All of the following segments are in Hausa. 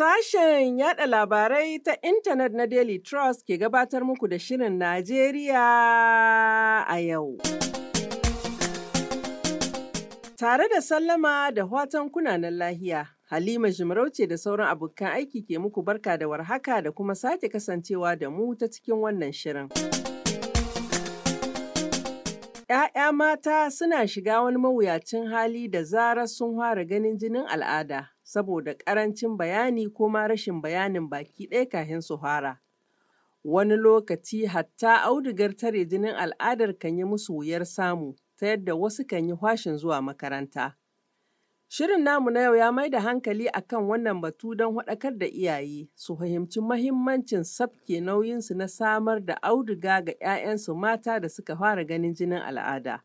Sashen yada labarai ta intanet na Daily Trust ke gabatar muku da Shirin Najeriya a yau. Tare da sallama da watan kunanan lahiya, Halima Jimarauce da sauran abokan aiki ke muku barka da warhaka da kuma sake kasancewa da mu ta cikin wannan shirin. ‘Ya'ya mata suna shiga wani mawuyacin hali da zarar sun fara ganin jinin al'ada. saboda ƙarancin bayani ko ma rashin bayanin baki ɗaya kafin su fara. Wani lokaci hatta audugar tare jinin al'adar kan yi musu wuyar samu ta yadda wasu kan yi fashin zuwa makaranta. Shirin namu na yau ya mai da hankali a kan wannan batu don haɗakar da iyaye su fahimci mahimmancin sabke nauyinsu na samar da auduga ga 'ya'yansu mata da suka fara ganin jinin al'ada.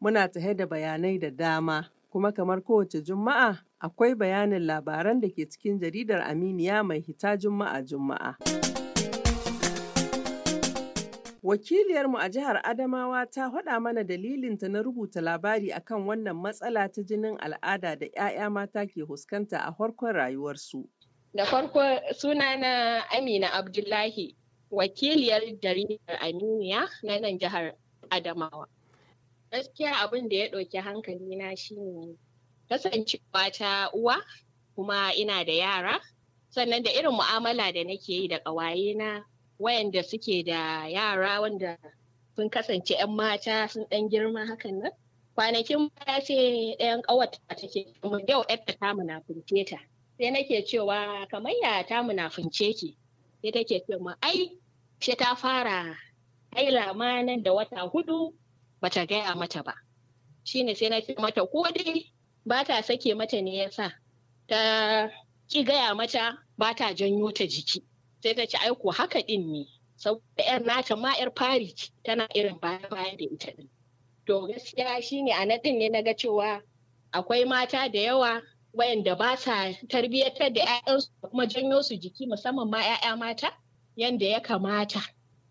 Muna tahe da bayanai da dama Kuma kamar kowace Juma'a, akwai bayanin labaran da ke cikin jaridar Aminiya mai hita Juma'a-Juma'a. Wakiliyarmu a jihar Adamawa ta faɗa mana dalilinta na rubuta labari akan wannan matsala ta jinin al'ada da 'ya'ya mata ke huskanta a farkon rayuwarsu. Da farko sunana Amina Abdullahi, wakiliyar jaridar Aminiya na nan jihar Adamawa. Gaskiya abin da ya ɗauki hankali na shine kasancewa ta uwa kuma ina da yara sannan da irin mu'amala da nake yi da ƙawaye na wayanda suke da yara wanda sun kasance 'yan mata sun ɗan girma hakan nan. Kwanakin baya ce ɗayan ƙawata take yau yadda ta munafunce ta. Sai nake cewa kamar ya ta munafunce ki. Sai take cewa ai sai ta fara haila ma nan da wata hudu bata gaya mata ba shine sai na ce mata ko dai ba ta sake mata ne yasa ta ki gaya mata ba ta janyo ta jiki sai ta ci aiko haka din ne saboda yar nata ma yar fari tana irin baya baya da ita din to gaskiya shine a naɗin din na ga cewa akwai mata da yawa wayanda ba sa tarbiyyatar da 'ya'yansu da kuma janyo su jiki musamman ma 'ya'ya mata yanda ya kamata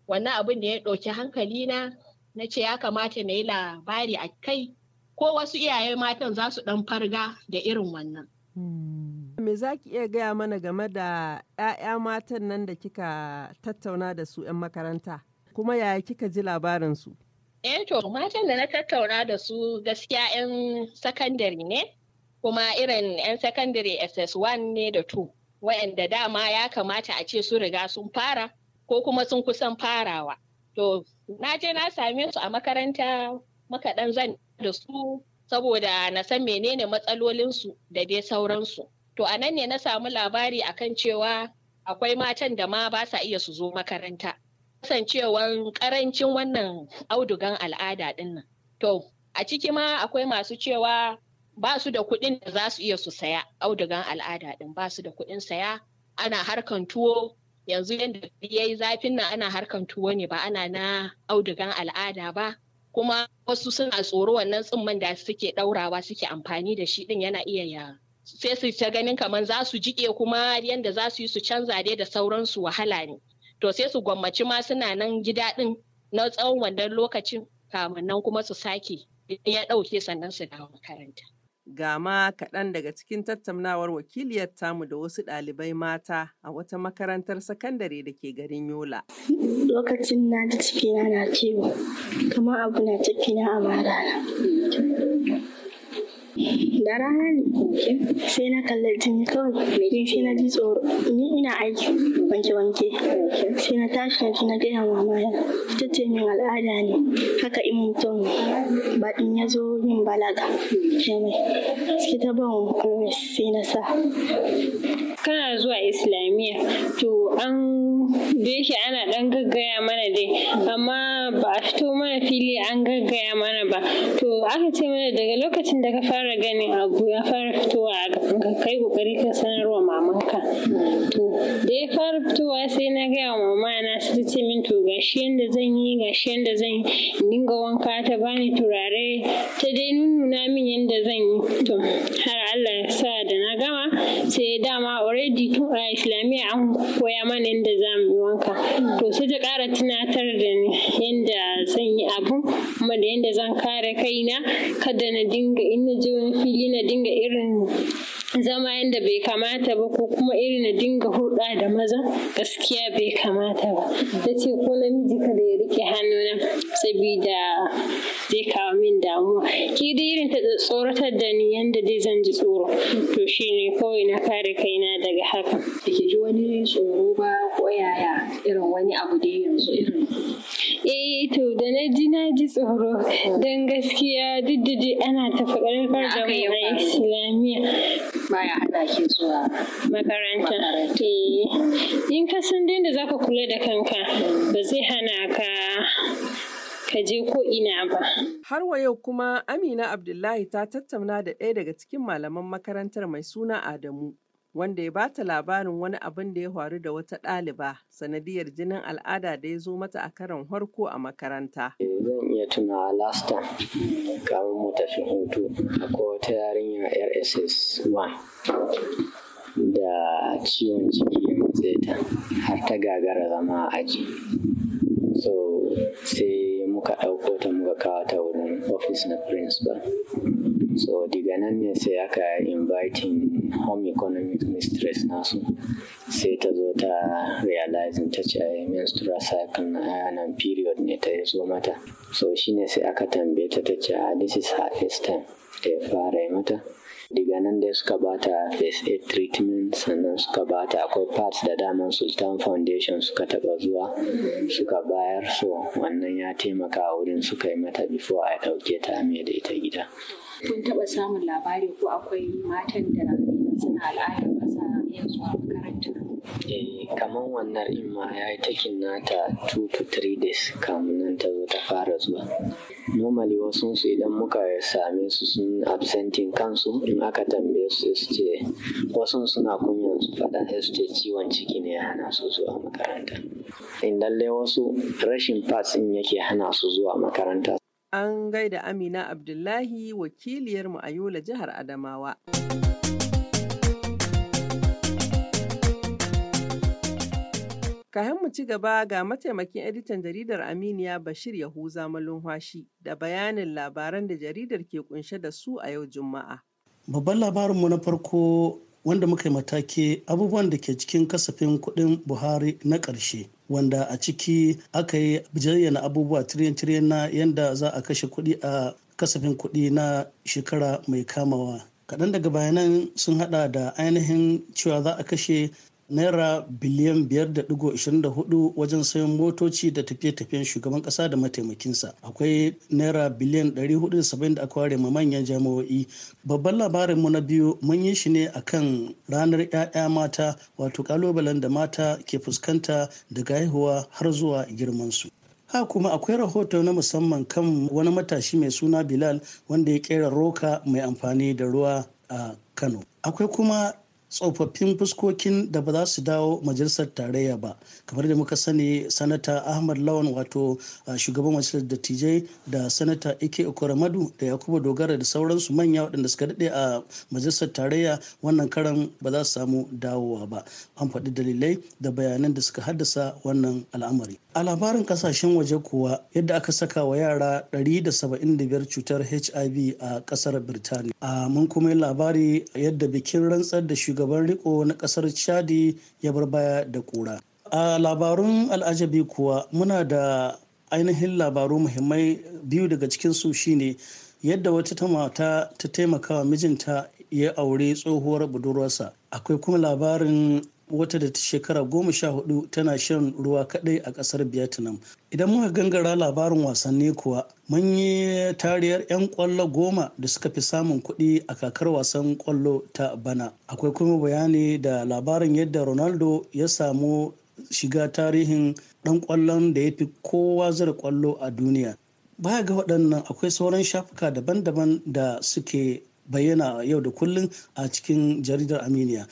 wannan abin da ya ɗauki hankali na na ce ya kamata na yi labari a kai ko wasu iyaye matan za su ɗan farga da irin wannan. Hmm. Me za ki iya gaya mana game da 'ya'ya matan nan da kika tattauna da su 'yan makaranta? Kuma yaya kika ji labarinsu? Eh to, matan da na tattauna da su gaskiya 'yan sakandare ne, kuma irin 'yan sakandare SS1 ne da 2, wa'anda dama ya kamata a ce su riga sun fara ko kuma sun kusan farawa. To, na je na same su a makaranta muka dan zan da su saboda na san menene matsalolinsu da dai sauransu to a nan ne na samu labari akan cewa akwai matan da ma ba sa iya su zo makaranta kasancewan karancin wannan audugan al'ada dinnan. to a ciki ma akwai masu cewa ba su da kuɗin da za su iya su saya audugan al'ada din ba su da kuɗin saya ana harkan tuwo yanzu yadda ya yi zafin nan ana harkan tuwo ne ba ana na audugan al'ada ba kuma wasu suna tsoro wannan tsimman da suke ɗaurawa suke amfani da shi din yana iya ya sai su ta ganin kamar za su jike kuma yadda za su yi su canza dai da sauransu wahala ne to sai su gwammaci ma suna nan gida din na tsawon wannan lokacin kamannan kuma su sake ya ɗauke sannan su dawo makaranta. Ga ma kaɗan daga cikin tattaunawar wakiliyar tamu da wasu ɗalibai mata a wata makarantar sakandare da ke garin Yola. Lokacin na ji cikina na ciwo, kamar abu na cikina a marana. da rana ne sai na kalli jini kawai sai na ji tsoro ni ina aiki wanke wanke sai na tashi na ji na gaya wa maya ita ce min al'ada ne haka in mutum ba in ya zo yin balaga ke mai suke ta ban sai na sa kana zuwa islamiyya to an da yake ana dan gaggaya mana dai amma ba a fito mana fili an gaggaya mana ba to aka ce mana daga lokacin da ka fara ganin abu ya fara fitowa a gaban ka kai kokari ka sanarwa mamanka to da ya fara fitowa sai na gaya wa mama na su ce min to gashi yanda zan yi gashi yanda zan yi dinga wanka ta bani turare ta dai nuna min yadda zan yi to har Allah ya sa da na gama sai dama already tun a islamiyya an koya mana yadda za mu yi wanka to sai ta kara tunatar da ni yadda zan yi abu kuma da yadda zan kare kaina kada na dinga in na je wani fili na dinga irin zama yadda bai kamata ba ko kuma irin na dinga hulɗa da maza gaskiya bai kamata ba ta ce ko namiji kada ya riƙe hannuna sabida damuwa ki dai irin ta tsoratar da ni yanda dai zan ji tsoro to shine kawai na kare kaina daga haka ki ji wani tsoro ba ko yaya irin wani abu dai yanzu irin eh to da na ji na ji tsoro don gaskiya duk da ji ana ta faɗarkar da mu na islamiyya baya ana ke zuwa makaranta eh in ka san da ka kula da kanka ba zai hana ka ka je ko ina ba. Har wa yau kuma Amina Abdullahi ta tattauna da ɗaya daga cikin malaman makarantar mai suna Adamu. Wanda ya bata labarin wani abin da ya faru da wata ɗaliba sanadiyar jinin al'ada da ya zo mata a karon harko a makaranta. Eh, zan iya tuna last time mu tafi hutu akwai wata yarinya RSS 1 da ciwon ciki ya matse ta har ta gagara zama aji so sai muka ɗauko ta muka kawo ta wurin ofis na principal so diga nan ne sai aka inviting home economic mistress nasu sai ta zo ta realizing ta ce menstrual cycle na nan period ne ta zo mata so shine sai aka tambaye ta ta ce ah, this is her first time Ta ya fara mata daga nan da suka bata first aid treatment sannan suka bata akwai parts da daman sultan foundation suka taba zuwa suka bayar so wannan ya taimaka wurin suka yi mata before a dauke ta mai da ita gida kun taba samun labari ko akwai matan da suna al'adar kasa yanzu a eh kaman wannan in ma ya yi takin nata 2 to 3 days kamun nan ta zo ta fara zuwa normally wasu su idan muka same su sun absentin kansu in aka tambaye su su ce wasu suna kunyan su faɗa su ce ciwon ciki ne ya hana su zuwa makaranta in lalle wasu rashin pass in yake hana su zuwa makaranta an gaida amina abdullahi wakiliyarmu a yola jihar adamawa Kafin mu ci gaba ga mataimakin editan jaridar Aminiya Bashir Yahuza Malunhwashi da bayanin labaran da jaridar ke kunshe da su a yau Juma'a. Babban labarinmu na farko wanda muka yi matake abubuwan da ke cikin kasafin kuɗin Buhari na ƙarshe. wanda a ciki aka yi jayyana abubuwa tiriyan-tiriyan na yadda za a kashe kuɗi a kasafin kuɗi na shekara mai kamawa kaɗan daga bayanan sun haɗa da ainihin cewa za a kashe naira biliyan 5.24 wajen sayan motoci da tafiye-tafiyen shugaban kasa da mataimakinsa akwai naira biliyan 470 da aka ware ma manyan jami'o'i babban labarin mu na biyu mun yi shi ne akan ranar 'ya'ya mata wato kalubalen da mata ke fuskanta daga haihuwa har zuwa girman su. ha kuma akwai rahoto na musamman kan wani matashi mai suna bilal wanda ya kera roka mai amfani da ruwa a kano akwai kuma tsofaffin fuskokin da ba za su dawo majalisar tarayya ba kamar da muka sani sanata ahmad lawan wato shugaban majalisar dattijai da sanata ike okoramadu da yakubu dogara da sauransu manya waɗanda suka daɗe a majalisar tarayya wannan karan ba za su samu dawowa ba an faɗi dalilai da bayanan da suka haddasa wannan al'amari A labarin kasashen waje kuwa yadda aka saka wa yara 175 cutar HIV a kasar Birtaniya. A mun kuma yi labari yadda bikin rantsar da shugaban riko na kasar Chadi ya bar baya da kura. A labarun al'ajabi kuwa muna da ainihin labaru muhimmai biyu daga cikin su shine yadda wata ta mata ta taimaka wa mijinta ya aure tsohuwar budurwarsa akwai kuma labarin wata da shekara goma sha hudu tana shan ruwa kadai a kasar vietnam idan muka gangara labarin wasanni kuwa yi tariyar 'yan kwallo goma da suka fi samun kuɗi a kakar wasan kwallo ta bana akwai kuma bayani da labarin yadda ronaldo ya samu shiga tarihin ɗan kwallon da ya fi kowa zira kwallo a duniya baya ga waɗannan akwai sauran shafuka daban-daban da suke bayyana yau da kullum a cikin jaridar aminiya.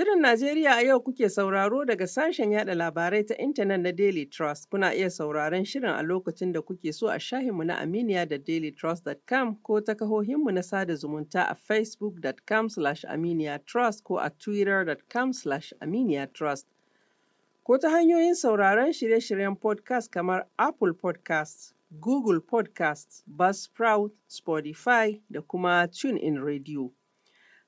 Shirin Najeriya a yau kuke sauraro daga sashen yada labarai ta intanet na Daily Trust. Kuna iya sauraron shirin a lokacin da kuke so a shahinmu na Aminiya da dailytrust.com ko ta kahohinmu na sada zumunta a facebook.com slash aminiyatrust ko a twitter.com slash aminiyatrust. Ko ta hanyoyin sauraron shirye-shiryen podcast kamar Apple Podcasts Google Podcasts Buzzsprout, Spotify da kuma TuneIn Radio.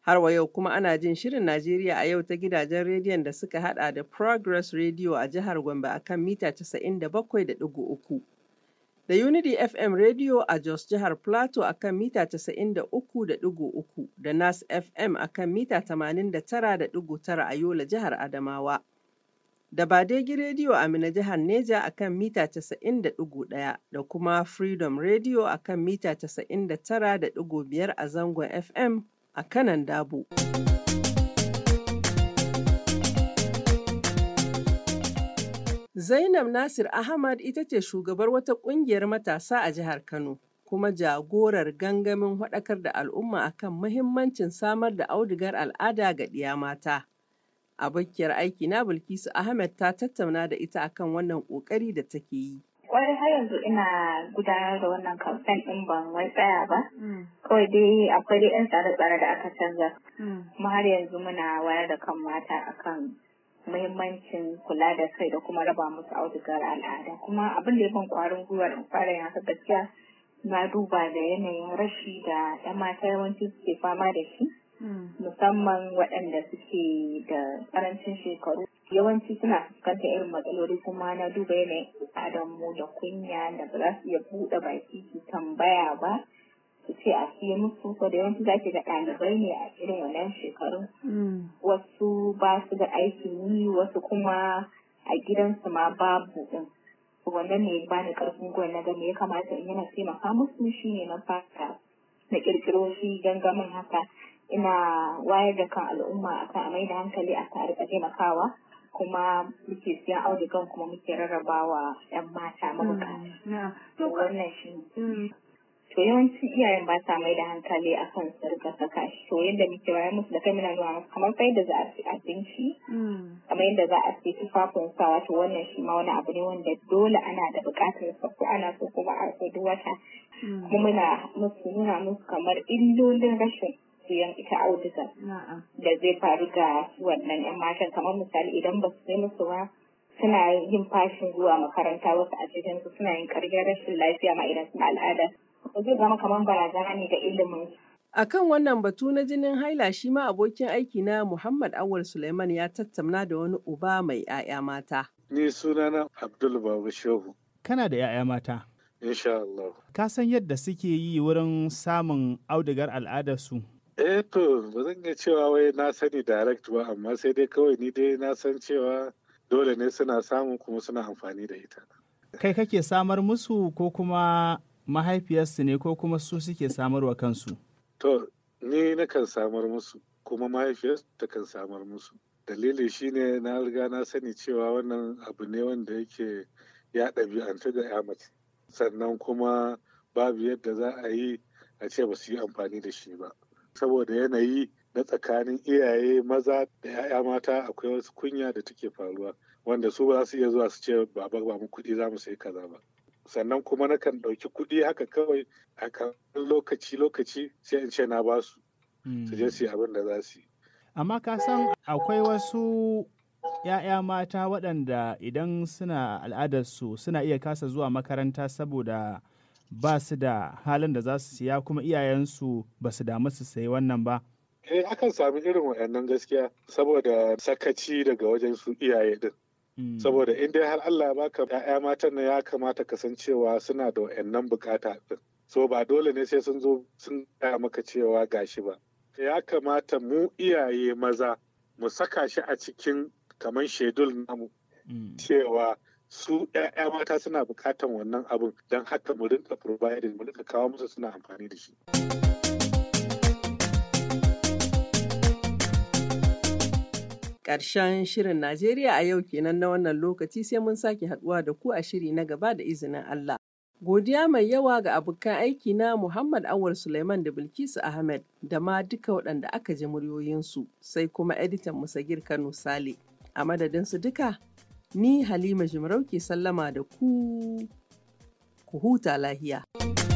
Har wa yau kuma ana jin Shirin Najeriya a yau ta gidajen rediyon da suka haɗa da Progress Radio a jihar Gombe a kan mita 97.3. Da Unity FM Radio a Jos jihar Plateau a kan mita 93.3 da Nas FM a kan mita 89.9 a Yola jihar Adamawa. da Badegi Radio a Mina jihar Neja a kan mita 90.1 da kuma Freedom Radio a kan mita 99.5 a zangon FM a kanan dabu Zainab Nasir Ahmad ita ce shugabar wata ƙungiyar matasa a jihar Kano. kuma jagorar gangamin haɗakar da al'umma akan muhimmancin samar da audigar al'ada ga ɗiya mata. Abokiyar aiki na Bilkisu Ahmed ta tattauna da ita akan wannan ƙoƙari da take yi. kwarai har yanzu ina gudanar da wannan kamfen ɗin ban wai tsaya ba. Mm. Kawai dai akwai dai 'yan tsare-tsare da aka canza. Mm. Kuma har yanzu muna wayar da kan mata akan muhimmancin kula da kai da kuma raba musu audugar al'ada. Kuma abin da ya ban kwarin gwiwa da fara yin gaskiya na duba da yanayin rashi da 'yan mata yawanci suke fama da shi. musamman waɗanda suke da ƙarancin shekaru yawanci suna fuskantar irin matsaloli kuma na duba yanayin mu da kunya da ba za su iya buɗe baki su tambaya ba su ce a siya musu ko da yawanci za ki ga ɗalibai ne a irin wannan shekarun wasu ba su da aikin yi wasu kuma a gidansu ma babu ɗin wannan ne ba ni ƙarfin gwiwa na game ya kamata in yana taimaka musu shi ne na fata na ƙirƙiro shi gangamin haka ina wayar da kan al'umma akan a mai da hankali a rika taimakawa kuma muke siyan audugan kuma muke rarrabawa yan mata mabukata. Mm, wannan shi. Mm. To yawanci iyayen ba sa mai da hankali a su rika saka shi. To yadda muke wayar musu da kai muna nuna musu kamar kai yadda za a ci abinci. Mm. Kamar yadda za a ci tufafin sa to wannan shi ma wani abu ne wanda dole ana da buƙatar sa ko ana so kuma a so wata. Kuma muna musu musu kamar illolin rashin siyan ita audugan da zai faru ga wannan yan matan kamar misali idan ba su sai musu ba suna yin fashin zuwa makaranta wasu a cikin su suna yin karyar rashin lafiya ma idan suna al'ada zai zama kamar barazana ne ga ilimin A kan wannan batu na jinin haila shi ma abokin aiki na Muhammad Awal Suleiman ya tattauna da wani uba mai 'ya'ya mata. Ni sunana Abdul Babu Shehu. Kana da 'ya'ya mata? Insha Allah. Ka san yadda suke yi wurin samun audigar al'adarsu Eh to ba zan iya cewa wai na sani direct ba amma sai dai kawai ni dai na san cewa dole ne suna samu kuma suna amfani da ita. Kai kake samar musu ko kuma mahaifiyarsu ne ko kuma su suke samarwa kansu? To ni na kan samar musu kuma mahaifiyarsu ta kan samar musu. Dalili shine na riga na sani cewa wannan abu ne wanda yake ya ɗabi'antu ga ya mace sannan kuma babu yadda za a yi a ce ba su yi amfani da shi ba. saboda yanayi na tsakanin iyaye maza da 'ya'ya mata akwai wasu kunya da take faruwa wanda su ba za su iya zuwa su ce baba ba mu kuɗi za mu sayi kaza ba sannan kuma na kan ɗauki kuɗi haka kawai a kan lokaci lokaci sai in ce na ba su su je hmm. su yi abin da za su yi amma ka san akwai wasu ‘ya'ya mata waɗanda idan suna al'adarsu suna iya kasa zuwa makaranta saboda ba su da halin da za su siya kuma iyayensu ba su damu su sayi wannan ba. Eh akan sami irin wayannan gaskiya saboda sakaci daga wajen su iyaye din. Hmm. Saboda in dai har Allah ya baka ‘ya'ya matan na ya kamata kasancewa suna da wayannan bukata din. So ba dole ne sai sun zo sun gaya maka cewa gashi ba. Ya kamata mu iyaye maza mu saka shi a cikin kamar shedul namu. Hmm. Cewa su ‘ya'ya mata suna bukatan wannan abin don haka mu rinka providing mu rinka kawo musu suna amfani da shi. karshen shirin Najeriya a yau kenan na wannan lokaci sai mun sake haduwa da ku a shiri na gaba da izinin Allah. Godiya mai yawa ga abokan aiki na Muhammad Awar Suleiman da Bilkisu Ahmed da ma duka waɗanda aka ji muryoyinsu sai kuma editan Musagir Kano Sale. A madadinsu duka Ni Halima Jimarau ke sallama da ku, ku huta lahiya.